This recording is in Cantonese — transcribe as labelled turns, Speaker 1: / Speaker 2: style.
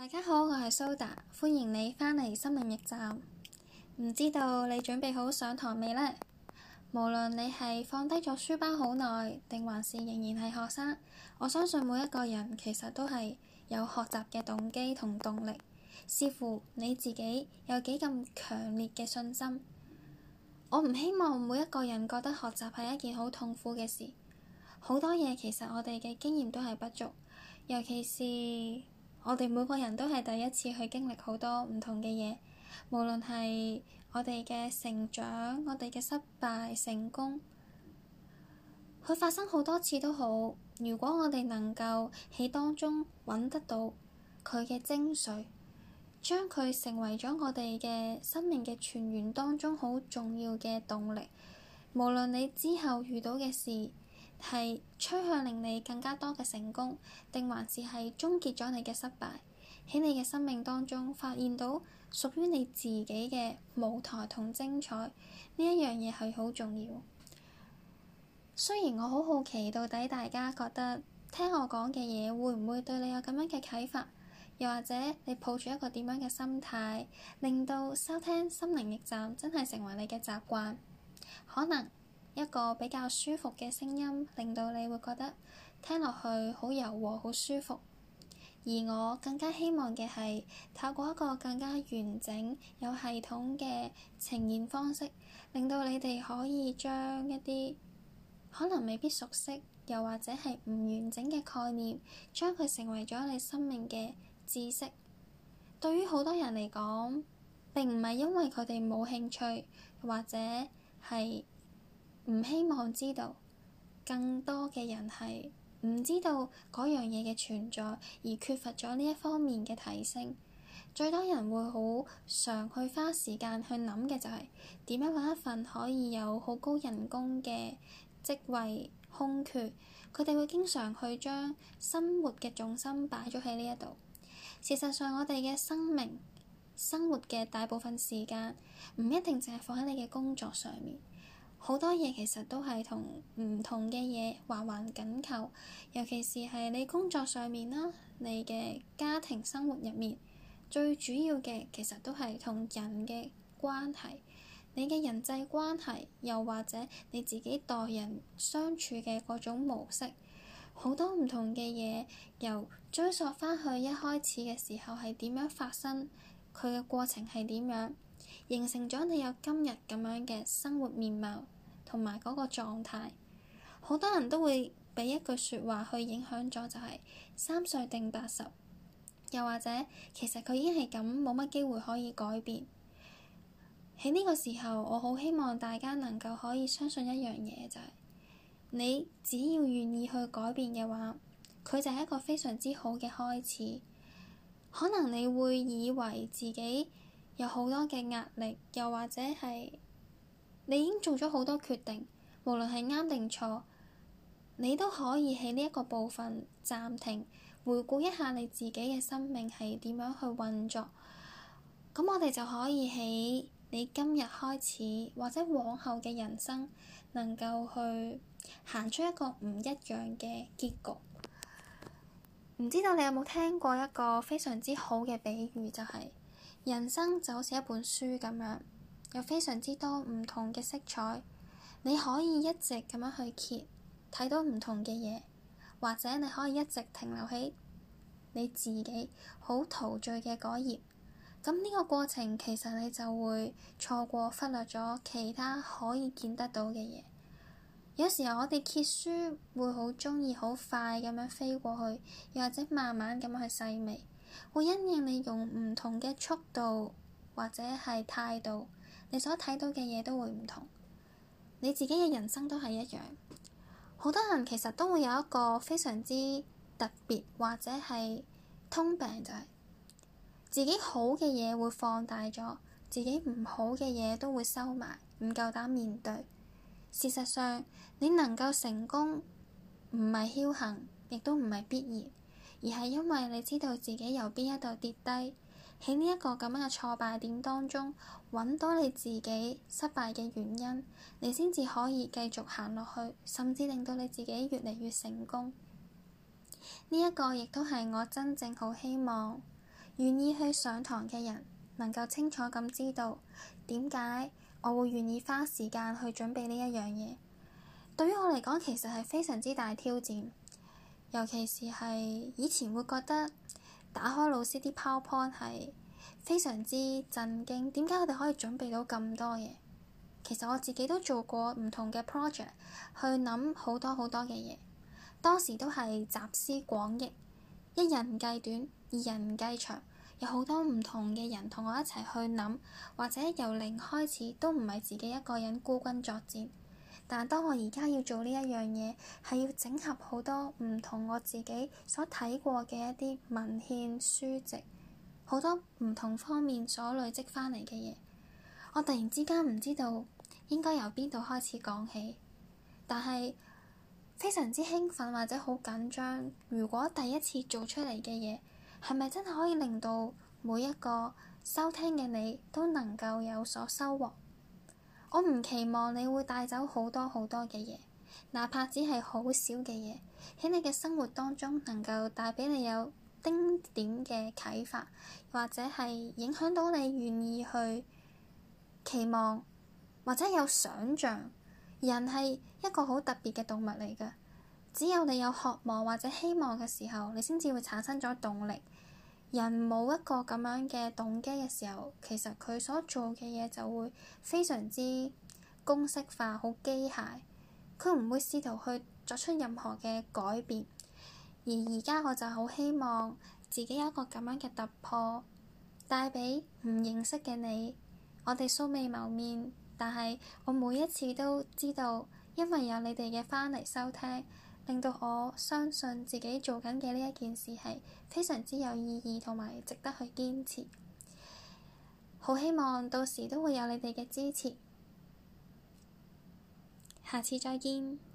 Speaker 1: 大家好，我係蘇達，歡迎你返嚟心靈驛站。唔知道你準備好上堂未呢？無論你係放低咗書包好耐，定還是仍然係學生，我相信每一個人其實都係有學習嘅動機同動力，視乎你自己有幾咁強烈嘅信心。我唔希望每一個人覺得學習係一件好痛苦嘅事，好多嘢其實我哋嘅經驗都係不足，尤其是。我哋每個人都係第一次去經歷好多唔同嘅嘢，無論係我哋嘅成長、我哋嘅失敗、成功，佢發生好多次都好。如果我哋能夠喺當中揾得到佢嘅精髓，將佢成為咗我哋嘅生命嘅傳源當中好重要嘅動力。無論你之後遇到嘅事，係趨向令你更加多嘅成功，定還是係終結咗你嘅失敗？喺你嘅生命當中發現到屬於你自己嘅舞台同精彩，呢一樣嘢係好重要。雖然我好好奇，到底大家覺得聽我講嘅嘢會唔會對你有咁樣嘅啟發，又或者你抱住一個點樣嘅心態，令到收聽心靈驛站真係成為你嘅習慣，可能？一個比較舒服嘅聲音，令到你會覺得聽落去好柔和、好舒服。而我更加希望嘅係，透過一個更加完整、有系統嘅呈現方式，令到你哋可以將一啲可能未必熟悉，又或者係唔完整嘅概念，將佢成為咗你生命嘅知識。對於好多人嚟講，並唔係因為佢哋冇興趣，或者係……唔希望知道更多嘅人係唔知道嗰樣嘢嘅存在，而缺乏咗呢一方面嘅提升。最多人會好常去花時間去諗嘅就係點樣揾一份可以有好高人工嘅職位空缺。佢哋會經常去將生活嘅重心擺咗喺呢一度。事實上，我哋嘅生命生活嘅大部分時間，唔一定淨係放喺你嘅工作上面。好多嘢其實都係同唔同嘅嘢環環緊扣，尤其是係你工作上面啦，你嘅家庭生活入面，最主要嘅其實都係同人嘅關係，你嘅人際關係，又或者你自己待人相處嘅各種模式，好多唔同嘅嘢，由追溯翻去一開始嘅時候係點樣發生，佢嘅過程係點樣。形成咗你有今日咁樣嘅生活面貌同埋嗰個狀態，好多人都會俾一句說話去影響咗，就是，就係三歲定八十，又或者其實佢已經係咁，冇乜機會可以改變。喺呢個時候，我好希望大家能夠可以相信一樣嘢，就是，就係你只要願意去改變嘅話，佢就係一個非常之好嘅開始。可能你會以為自己。有好多嘅壓力，又或者係你已經做咗好多決定，無論係啱定錯，你都可以喺呢一個部分暫停，回顧一下你自己嘅生命係點樣去運作。咁我哋就可以喺你今日開始，或者往後嘅人生，能夠去行出一個唔一樣嘅結局。唔知道你有冇聽過一個非常之好嘅比喻，就係。人生就好似一本書咁樣，有非常之多唔同嘅色彩，你可以一直咁樣去揭，睇到唔同嘅嘢，或者你可以一直停留喺你自己好陶醉嘅嗰頁，咁呢個過程其實你就會錯過忽略咗其他可以見得到嘅嘢。有時候我哋揭書會好鍾意好快咁樣飛過去，又或者慢慢咁去細味。會因應你用唔同嘅速度或者係態度，你所睇到嘅嘢都會唔同。你自己嘅人生都係一樣。好多人其實都會有一個非常之特別或者係通病，就係自己好嘅嘢會放大咗，自己唔好嘅嘢都會收埋，唔夠膽面對。事實上，你能夠成功唔係僥倖，亦都唔係必然。而係因為你知道自己由邊一度跌低，喺呢一個咁樣嘅挫敗點當中，揾到你自己失敗嘅原因，你先至可以繼續行落去，甚至令到你自己越嚟越成功。呢一個亦都係我真正好希望，願意去上堂嘅人能夠清楚咁知道點解我會願意花時間去準備呢一樣嘢。對於我嚟講，其實係非常之大挑戰。尤其是係以前會覺得打開老師啲 PowerPoint 係非常之震驚，點解我哋可以準備到咁多嘢？其實我自己都做過唔同嘅 project，去諗好多好多嘅嘢。當時都係集思廣益，一人計短，二人計長，有好多唔同嘅人同我一齊去諗，或者由零開始都唔係自己一個人孤軍作戰。但當我而家要做呢一樣嘢，係要整合好多唔同我自己所睇過嘅一啲文獻書籍，好多唔同方面所累積返嚟嘅嘢，我突然之間唔知道應該由邊度開始講起，但係非常之興奮或者好緊張。如果第一次做出嚟嘅嘢係咪真係可以令到每一個收聽嘅你都能夠有所收穫？我唔期望你會帶走好多好多嘅嘢，哪怕只係好少嘅嘢，喺你嘅生活當中能夠帶畀你有丁點嘅啟發，或者係影響到你願意去期望，或者有想像。人係一個好特別嘅動物嚟㗎，只有你有渴望或者希望嘅時候，你先至會產生咗動力。人冇一個咁樣嘅動機嘅時候，其實佢所做嘅嘢就會非常之公式化、好機械，佢唔會試圖去作出任何嘅改變。而而家我就好希望自己有一個咁樣嘅突破，帶畀唔認識嘅你。我哋素未謀面，但係我每一次都知道，因為有你哋嘅翻嚟收聽。令到我相信自己做緊嘅呢一件事係非常之有意義同埋值得去堅持。好希望到時都會有你哋嘅支持。下次再見。